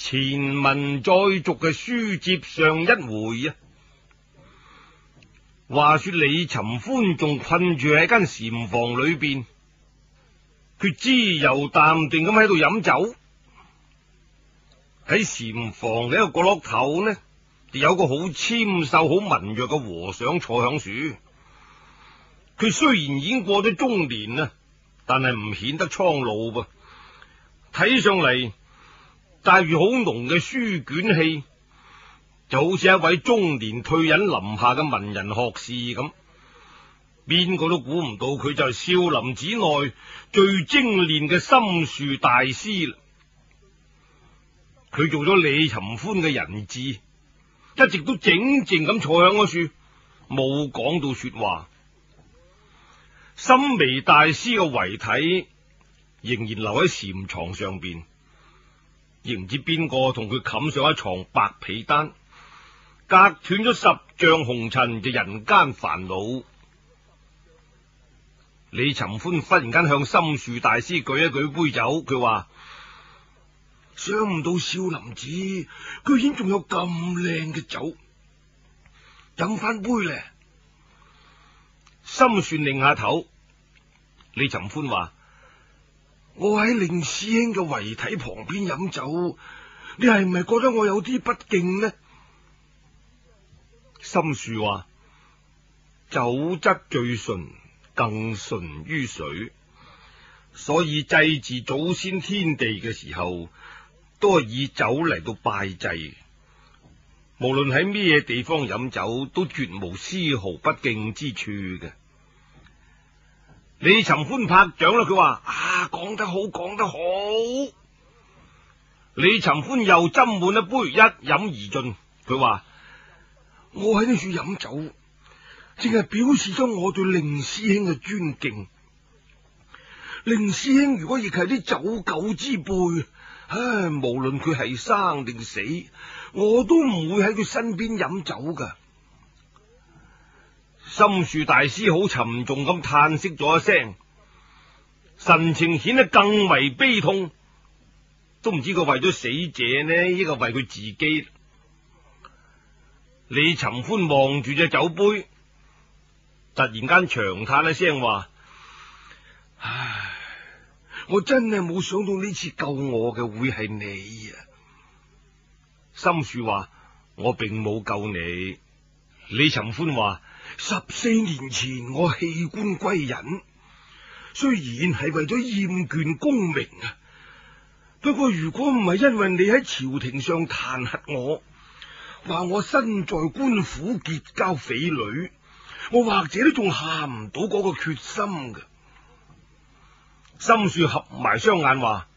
前文再續嘅書接上一回啊，話說李尋歡仲困住喺間禪房裏邊，佢知然淡定咁喺度飲酒。喺禪房嘅一個角落頭呢，就有個好纖瘦、好文弱嘅和尚坐響樹。佢雖然已經過咗中年啦，但係唔顯得蒼老噃，睇上嚟。帶住好濃嘅書卷氣，就好似一位中年退隱林下嘅文人學士咁。邊個都估唔到佢就係少林寺內最精煉嘅心樹大師。佢做咗李尋歡嘅人質，一直都靜靜咁坐響個處，冇講到說話。心眉大師嘅遺體仍然留喺禪床上邊。亦唔知邊個同佢冚上一床白被單，隔斷咗十丈紅塵就人間煩惱。李尋歡忽然間向心樹大師舉一舉杯酒，佢話：想唔到少林寺，居然仲有咁靚嘅酒，飲翻杯咧。心算擰下頭，李尋歡話。我喺令師兄嘅遺體旁邊飲酒，你係咪覺得我有啲不敬呢？心樹話：酒則最純，更純於水，所以祭祀祖,祖先天地嘅時候，都係以酒嚟到拜祭。無論喺咩地方飲酒，都絕無絲毫不敬之處嘅。李尋歡拍掌啦，佢話：啊，講得好，講得好！李尋歡又斟滿一杯，一飲而盡。佢話：我喺呢處飲酒，淨係表示咗我對令師兄嘅尊敬。令師兄如果亦係啲走狗之輩，唉，無論佢係生定死，我都唔會喺佢身邊飲酒噶。深樹大師好沉重咁嘆息咗一聲，神情顯得更為悲痛，都唔知佢為咗死者呢，呢個為佢自己。李尋歡望住隻酒杯，突然間長嘆一聲話：唉，我真係冇想到呢次救我嘅會係你啊！深樹話：我並冇救你。李尋歡話。十四年前我棄官歸隱，雖然係為咗厭倦功名啊，不過如果唔係因為你喺朝廷上彈劾我，話我身在官府結交匪女，我或者都仲下唔到個決心嘅。心樹合埋雙眼話：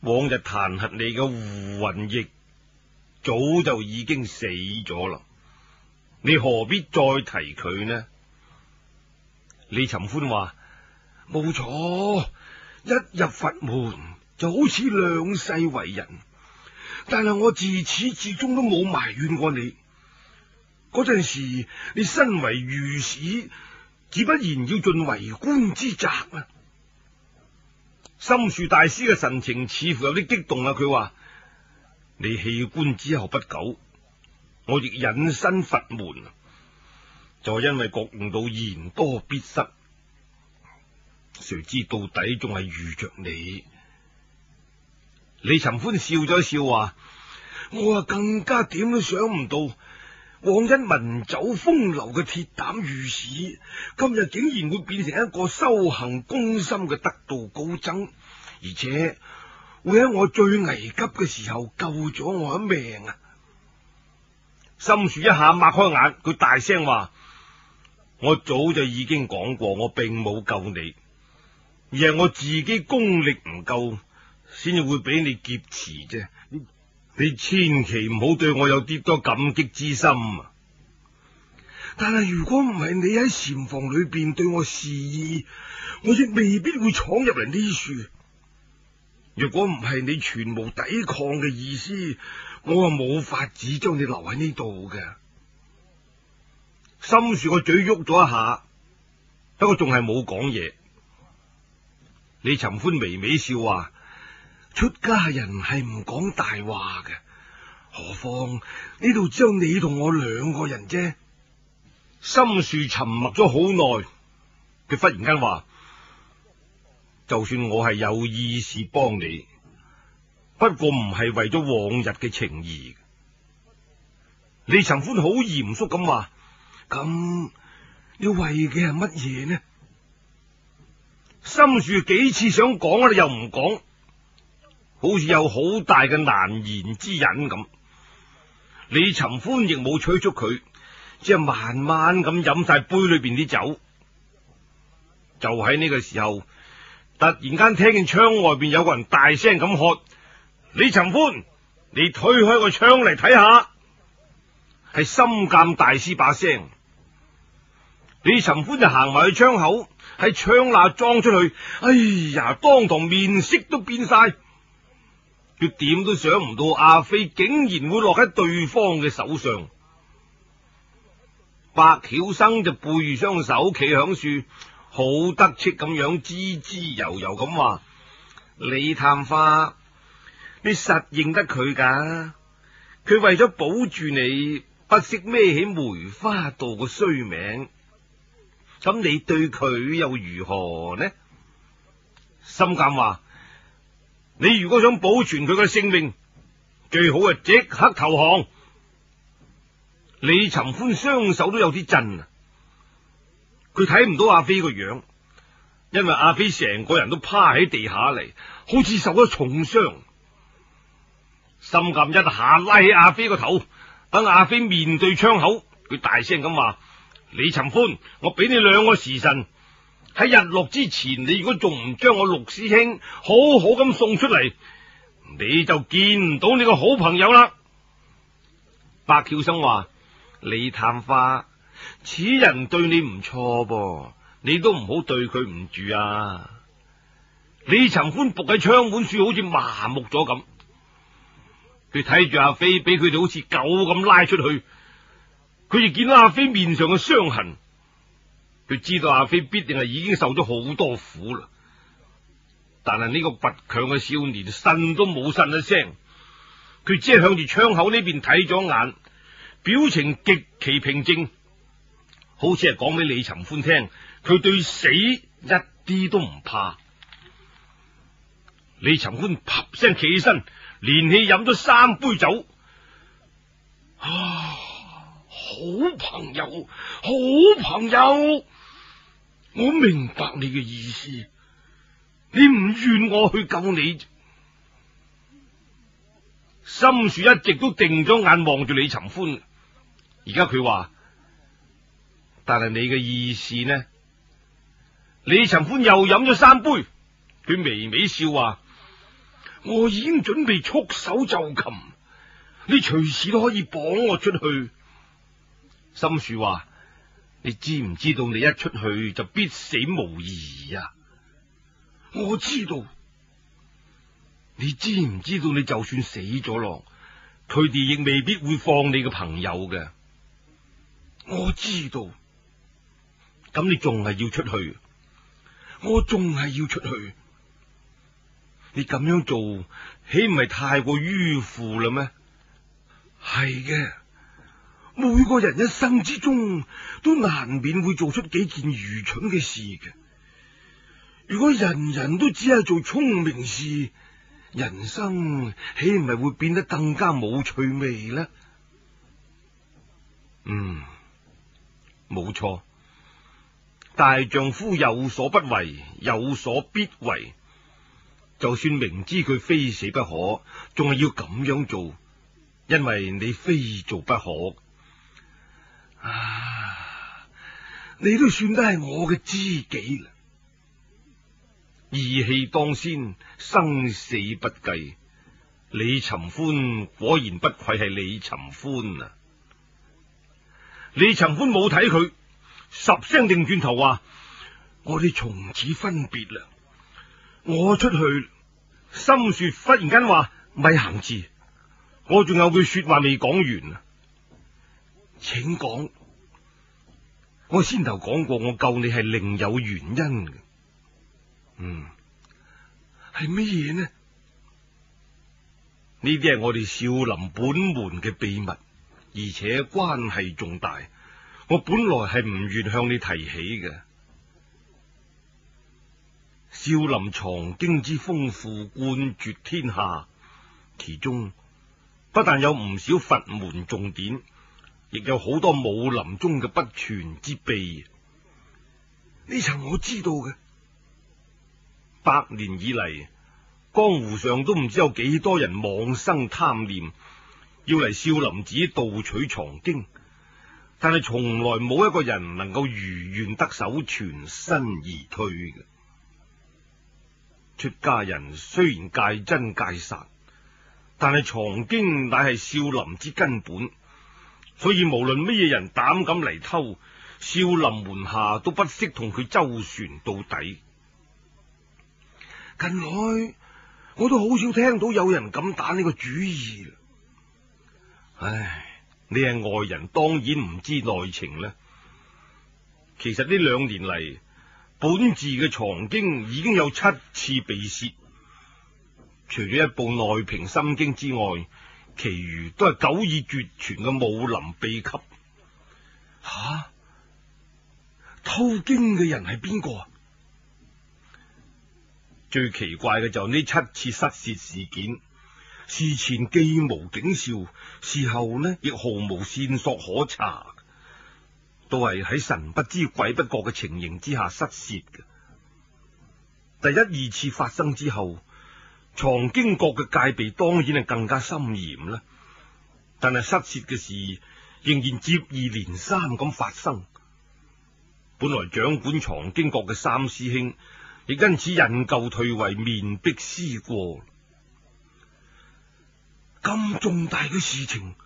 往日彈劾你嘅胡云逸早就已經死咗啦。你何必再提佢呢？李尋歡話：冇錯，一入佛門就好似兩世為人，但係我自始至終都冇埋怨過你。嗰陣時，你身為御史，只不然要盡為官之責啊！深樹大師嘅神情似乎有啲激動啊，佢話：你棄官之後不久。我亦隱身佛門，就因為覺悟到言多必失，誰知到底仲係遇着你。李尋歡笑咗一笑，話：我啊更加點都想唔到，往一文走風流嘅鐵膽御史，今日竟然會變成一個修行攻心嘅得道高僧，而且會喺我最危急嘅時候救咗我一命啊！心忖一下，擘開眼，佢大聲話：我早就已經講過，我並冇救你，而係我自己功力唔夠，先至會俾你劫持啫。你千祈唔好對我有啲多感激之心。但係如果唔係你喺禪房裏邊對我示意，我亦未必會闖入嚟呢處。如果唔係你全無抵抗嘅意思，我啊冇法子將你留喺呢度嘅，心樹個嘴喐咗一下，不過仲係冇講嘢。李尋歡微微笑話：出家人係唔講大話嘅，何況呢度只有你同我兩個人啫。心樹沉默咗好耐，佢忽然間話：就算我係有意思幫你。不過唔係為咗往日嘅情誼，李尋歡好嚴肅咁話：咁你為嘅係乜嘢呢？心住幾次想講，你又唔講，好似有好大嘅難言之隱咁。李尋歡亦冇催促佢，只係慢慢咁飲晒杯裏邊啲酒。就喺呢個時候，突然間聽見窗外邊有個人大聲咁喝。李尋歡，你推開個窗嚟睇下，係心鑒大師把聲。李尋歡就行埋去窗口，喺窗罅裝出去。哎呀，當堂面色都變晒，佢點都想唔到阿飛竟然會落喺對方嘅手上。百曉生就背雙手企喺樹，好得戚咁樣，滋滋悠悠咁話：李探花。你實認得佢噶？佢為咗保住你，不惜孭起梅花道個衰名。咁你對佢又如何呢？心監話：你如果想保存佢個性命，最好啊即刻投降。李尋歡雙手都有啲震，啊，佢睇唔到阿飛個樣，因為阿飛成個人都趴喺地下嚟，好似受咗重傷。心暗一下拉起阿飛個頭，等阿飛面對窗口，佢大聲咁話：李尋歡，我俾你兩個時辰喺日落之前，你如果仲唔將我六師兄好好咁送出嚟，你就見唔到你個好朋友啦。百曉生話：李探花，此人對你唔錯噃，你都唔好對佢唔住啊！李尋歡伏喺窗門處，好似麻木咗咁。佢睇住阿飛，俾佢哋好似狗咁拉出去。佢亦見到阿飛面上嘅傷痕，佢知道阿飛必定係已經受咗好多苦啦。但係呢個倔強嘅少年，呻都冇呻一聲。佢只係向住窗口呢邊睇咗眼，表情極其平靜，好似係講俾李尋歡聽，佢對死一啲都唔怕。李尋歡啪聲起身。連氣飲咗三杯酒，啊！好朋友，好朋友，我明白你嘅意思，你唔願我去救你。心樹一直都定咗眼望住李尋歡。而家佢話，但係你嘅意思呢？李尋歡又飲咗三杯，佢微微笑話。我已經準備束手就擒，你隨時都可以綁我出去。心樹話：你知唔知道？你一出去就必死無疑呀！啊！我知道。你知唔知道？你就算死咗咯，佢哋亦未必會放你嘅朋友嘅。我知道。咁你仲係要出去？我仲係要出去。你咁樣做，豈唔係太過迂腐嘞咩？係嘅，每個人一生之中，都難免會做出幾件愚蠢嘅事嘅。如果人人都只係做聰明事，人生豈唔係會變得更加冇趣味呢？嗯，冇錯。大丈夫有所不為，有所必為。就算明知佢非死不可，仲係要咁樣做，因為你非做不可。啊，你都算得係我嘅知己啦。義氣當先，生死不計。李尋歡果然不愧係李尋歡啊！李尋歡冇睇佢，十聲定轉頭話：我哋從此分別啦，我出去。心說：忽然間話，咪行住，我仲有句說話未講完啊，請講。我先頭講過，我救你係另有原因嘅。嗯，係咩嘢呢？呢啲係我哋少林本門嘅秘密，而且關係重大。我本來係唔願向你提起嘅。少林藏經之豐富冠絕天下，其中不但有唔少佛門重典，亦有好多武林中嘅不傳之秘。呢層我知道嘅。百年以嚟，江湖上都唔知有幾多人妄生貪念，要嚟少林寺盜取藏經，但係從來冇一個人能夠如願得手、全身而退嘅。出家人雖然戒真戒殺，但係藏經乃係少林之根本，所以無論乜嘢人膽敢嚟偷少林門下都不惜同佢周旋到底。近來我都好少聽到有人敢打呢個主意。唉，你係外人，當然唔知內情呢。其實呢兩年嚟。本字嘅藏經已經有七次被竊，除咗一部內平心經之外，其餘都係久已絕傳嘅武林秘笈。吓、啊，偷經嘅人係邊個？啊？最奇怪嘅就係呢七次失竊事件，事前既無警兆，事後呢亦毫無線索可查。都係喺神不知鬼不覺嘅情形之下失竊嘅。第一二次發生之後，藏經閣嘅戒備當然係更加森嚴啦。但係失竊嘅事仍然接二連三咁發生。本來掌管藏經閣嘅三師兄，亦因此引咎退位，面壁思過。咁重大嘅事情，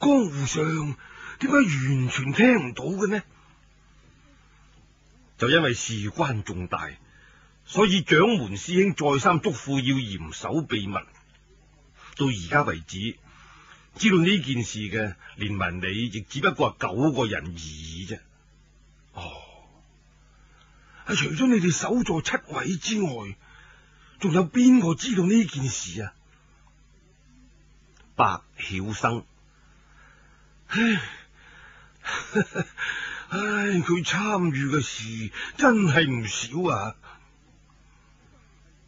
江湖上，點解完全聽唔到嘅呢？就因為事關重大，所以掌門師兄再三囑咐要嚴守秘密。到而家為止，知道呢件事嘅，連埋你亦只不過係九個人而已啫。哦，除咗你哋守座七位之外，仲有邊個知道呢件事啊？白曉生，唉。唉，佢參與嘅事真係唔少啊！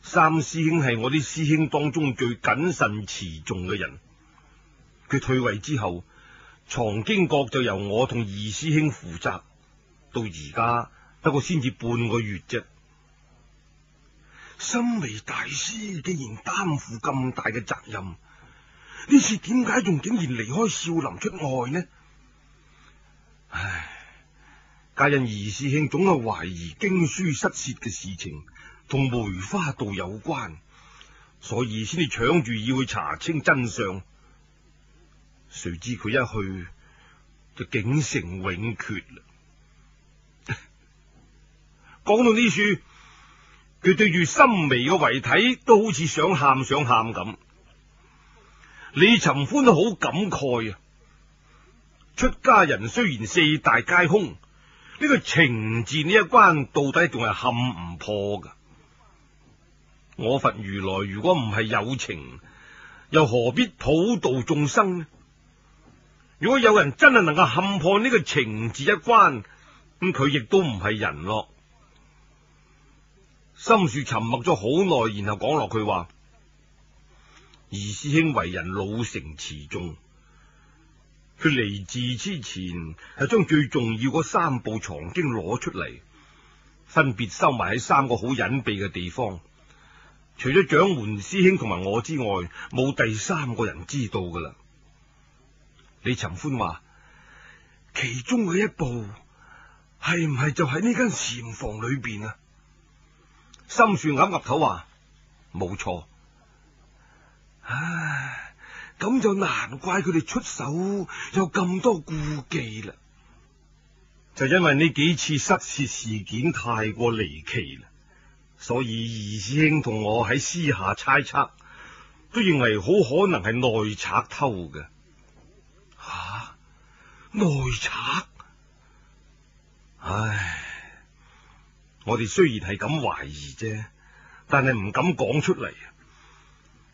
三師兄係我啲師兄當中最謹慎持重嘅人。佢退位之後，藏經閣就由我同二師兄負責。到而家不過先至半個月啫。心眉大師既然擔負咁大嘅責任，呢次點解仲竟然離開少林出外呢？唉，皆因二師兄總係懷疑經書失竊嘅事情同梅花道有關，所以先至搶住要去查清真相。誰知佢一去就竟成永訣啦。講 到呢處，佢對住深微嘅遺體都好似想喊想喊咁。李尋歡都好感慨啊。出家人雖然四大皆空，呢個情字呢一關到底仲係冚唔破噶。我佛如來，如果唔係有情，又何必普度眾生呢？如果有人真係能夠冚破呢個情字一關，咁佢亦都唔係人咯。心樹沉默咗好耐，然後講落佢話：二師兄為人老成持重。佢離世之前，係將最重要嗰三部藏經攞出嚟，分別收埋喺三個好隱蔽嘅地方。除咗掌門師兄同埋我之外，冇第三個人知道噶啦。李尋歡話：其中嘅一部係唔係就喺呢間禪房裏邊啊？心算岌岌頭話：冇錯。唉。咁就難怪佢哋出手有咁多顧忌啦，就因為呢幾次失竊事件太過離奇啦，所以二師兄同我喺私下猜測，都認為好可能係內賊偷嘅。吓，啊，內賊？唉，我哋雖然係咁懷疑啫，但係唔敢講出嚟。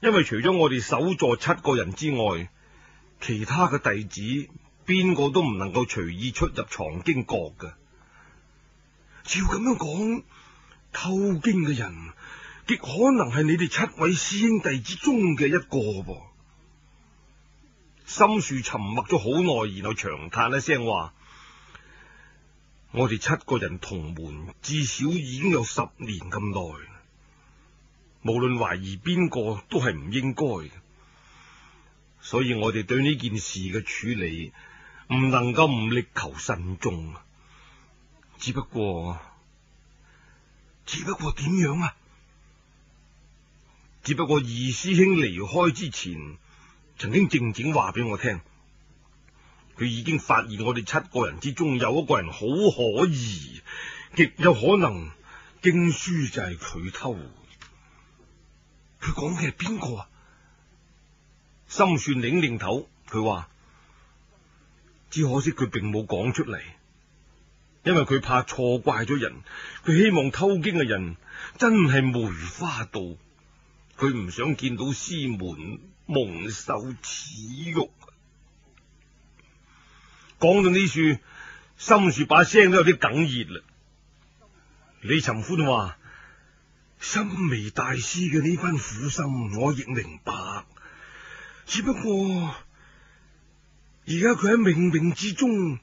因為除咗我哋守座七個人之外，其他嘅弟子邊個都唔能夠隨意出入藏經閣嘅。照咁樣講，偷經嘅人極可能係你哋七位師兄弟之中嘅一個噃。心樹沉默咗好耐，然後長嘆一聲話：我哋七個人同門至少已經有十年咁耐。無論懷疑邊個都係唔應該嘅，所以我哋對呢件事嘅處理唔能夠唔力求慎重。只不過，只不過點樣啊？只不過二師兄離開之前，曾經靜靜話俾我聽，佢已經發現我哋七個人之中有一個人好可疑，極有可能經書就係佢偷。佢講嘅係邊個啊？心算擰擰頭，佢話，只可惜佢並冇講出嚟，因為佢怕錯怪咗人。佢希望偷經嘅人真係梅花道，佢唔想見到師門蒙受恥辱。講到呢處，心樹把聲都有啲哽咽嘞。李尋歡話。心眉大師嘅呢番苦心，我亦明白。只不過而家佢喺冥冥之中，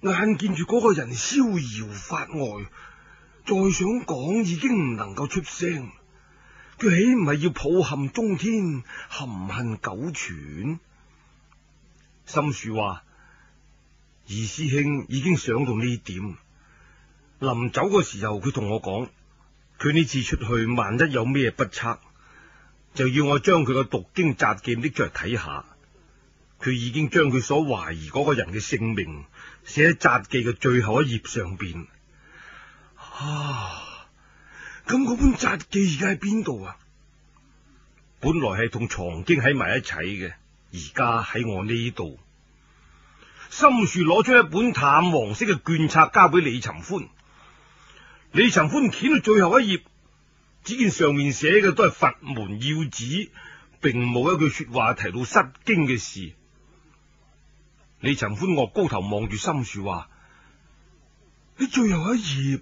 眼見住嗰個人逍遙法外，再想講已經唔能夠出聲。佢豈唔係要抱憾終天，含恨九泉？心樹話，二師兄已經想到呢點，臨走嘅時候，佢同我講。佢呢次出去，萬一有咩不測，就要我將佢個讀經札記拎出嚟睇下。佢已經將佢所懷疑嗰個人嘅姓名寫喺札記嘅最後一頁上邊。啊，咁嗰本札記而家喺邊度啊？本來係同藏經喺埋一齊嘅，而家喺我呢度。心樹攞出一本淡黃色嘅卷冊，交俾李尋歡。李尋歡掀到最後一頁，只見上面寫嘅都係佛門要旨，並冇一句說話提到失經嘅事。李尋歡岳高頭望住心樹話：你最後一頁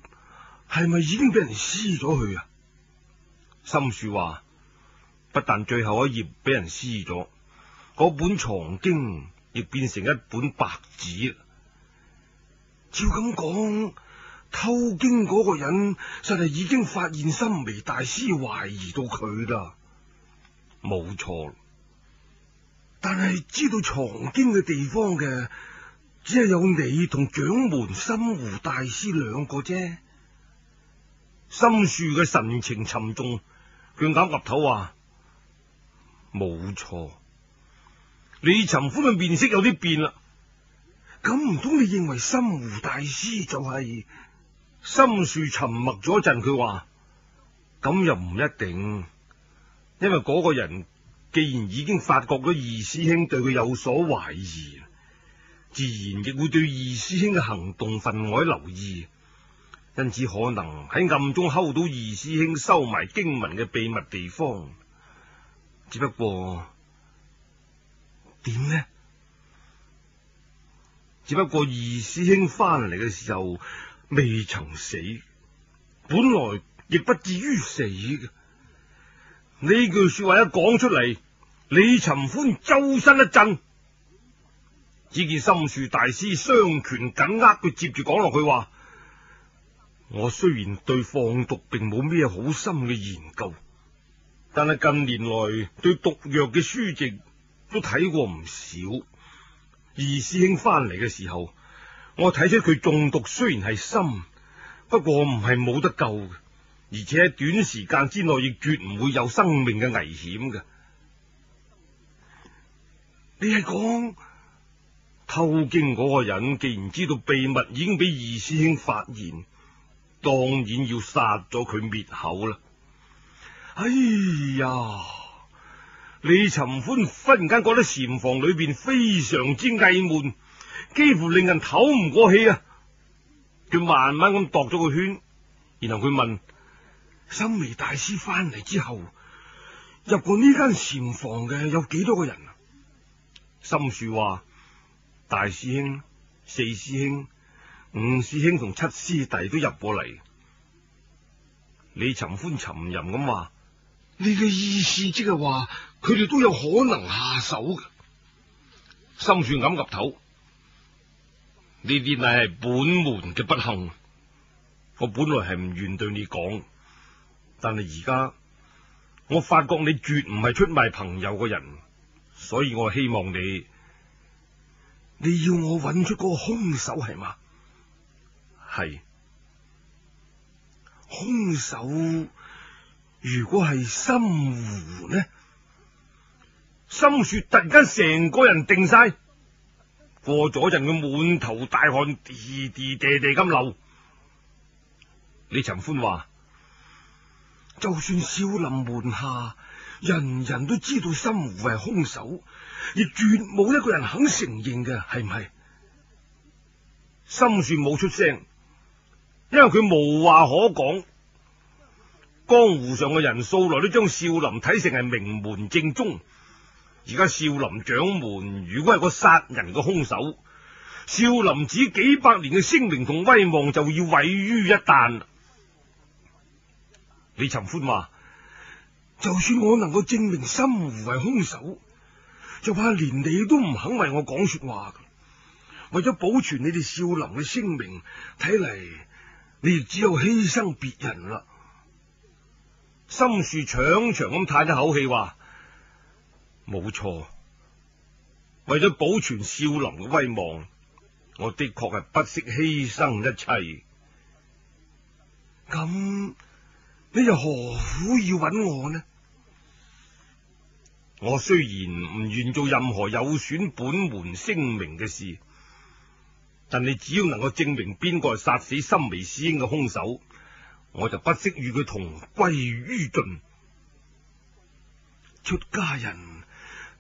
係咪已經俾人撕咗佢啊？心樹話：不但最後一頁俾人撕咗，嗰本藏經亦變成一本白紙。照咁講。偷經嗰個人，實係已經發現心眉大師懷疑到佢啦，冇錯。但係知道藏經嘅地方嘅，只係有你同掌門心湖大師兩個啫。心樹嘅神情沉重，佢岌岌頭話：冇錯。李尋歡嘅面色有啲變啦，咁唔通你認為心湖大師就係？心樹沉默咗一陣，佢話：咁又唔一定，因為嗰個人既然已經發覺咗二師兄對佢有所懷疑，自然亦會對二師兄嘅行動分外留意，因此可能喺暗中偷到二師兄收埋經文嘅秘密地方。只不過點呢？只不過二師兄翻嚟嘅時候。未曾死，本來亦不至於死嘅。呢句說話一講出嚟，李尋歡周身一震，只見心樹大師雙拳緊握，佢接住講落去話：我雖然對放毒並冇咩好深嘅研究，但係近年來對毒藥嘅書籍都睇過唔少。二師兄翻嚟嘅時候。我睇出佢中毒雖然係深，不過唔係冇得救，而且喺短時間之內亦絕唔會有生命嘅危險㗎。你係講偷經嗰個人，既然知道秘密已經俾二師兄發現，當然要殺咗佢滅口啦。哎呀，李尋歡忽然間覺得禪房裏邊非常之翳悶。幾乎令人透唔過氣啊！佢慢慢咁度咗個圈，然後佢問：心眉大師翻嚟之後，入過呢間禪房嘅有幾多個人啊？心樹話：大師兄、四師兄、五師兄同七師弟都入過嚟。李尋歡沉吟咁話：你嘅意思即係話，佢哋都有可能下手㗎。心樹咁岌頭。呢啲乃係本門嘅不幸，我本來係唔願對你講，但係而家我發覺你絕唔係出賣朋友嘅人，所以我希望你，你要我揾出嗰個兇手係嘛？係，兇手如果係心湖呢？心說突然間成個人定晒。過咗陣，佢滿頭大汗，嘀嘀嘀嘀地地地地咁流。李尋歡話： 就算少林門下人人都知道心湖係凶手，亦絕冇一個人肯承認嘅，係唔係？心樹冇出聲，因為佢無話可講。江湖上嘅人素來都將少林睇成係名門正宗。而家少林掌門如果係個殺人嘅凶手，少林寺幾百年嘅聲名同威望就要毀於一旦啦。李尋歡話：就算我能夠證明心湖為凶手，就怕連你都唔肯為我講說話。為咗保存你哋少林嘅聲名，睇嚟你亦只有犧牲別人啦。心樹長長咁嘆一口氣話。冇錯，為咗保存少林嘅威望，我的確係不惜犧牲一切。咁你又何苦要揾我呢？我雖然唔願做任何有損本門聲名嘅事，但你只要能夠證明邊個係殺死心眉師兄嘅凶手，我就不惜與佢同歸於盡。出家人，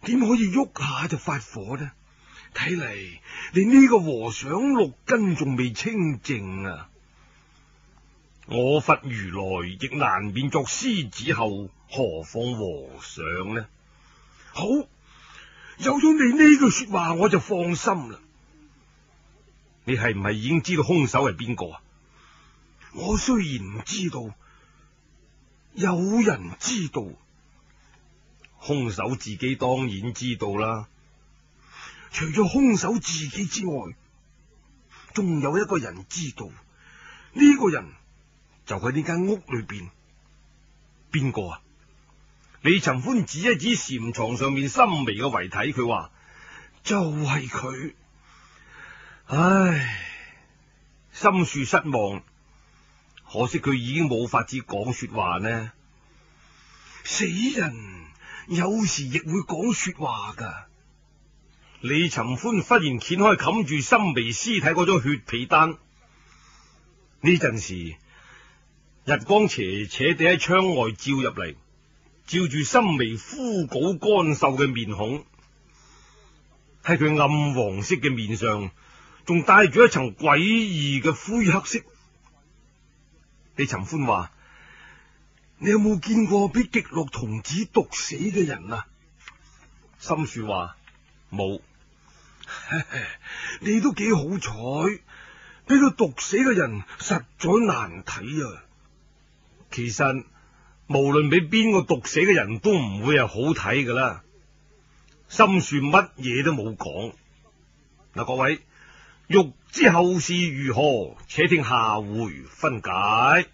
點可以喐下就發火呢？睇嚟你呢個和尚六根仲未清淨啊！我佛如來亦難免作獅子吼，何況和尚呢？好，有咗你呢句說話，我就放心啦。你係唔係已經知道凶手係邊個啊？我雖然唔知道，有人知道。兇手自己當然知道啦。除咗兇手自己之外，仲有一個人知道。呢、這個人就喺呢間屋裏邊。邊個啊？李尋歡指一指禪床上面心眉嘅遺體，佢話就係、是、佢。唉，心處失望。可惜佢已經冇法子講說話呢。死人。有時亦會講說話噶。李尋歡忽然掀開冚住心眉屍體嗰張血被單。呢陣時，日光斜斜地喺窗外照入嚟，照住心眉枯槁乾瘦嘅面孔，喺佢暗黃色嘅面上，仲帶住一層詭異嘅灰黑色。李尋歡話。你有冇見過俾極樂童子毒死嘅人啊？心樹話冇， 你都幾好彩。俾佢毒死嘅人實在難睇啊！其實無論俾邊個毒死嘅人都唔會係好睇噶啦。心樹乜嘢都冇講。嗱，各位欲知後事如何，且聽下回分解。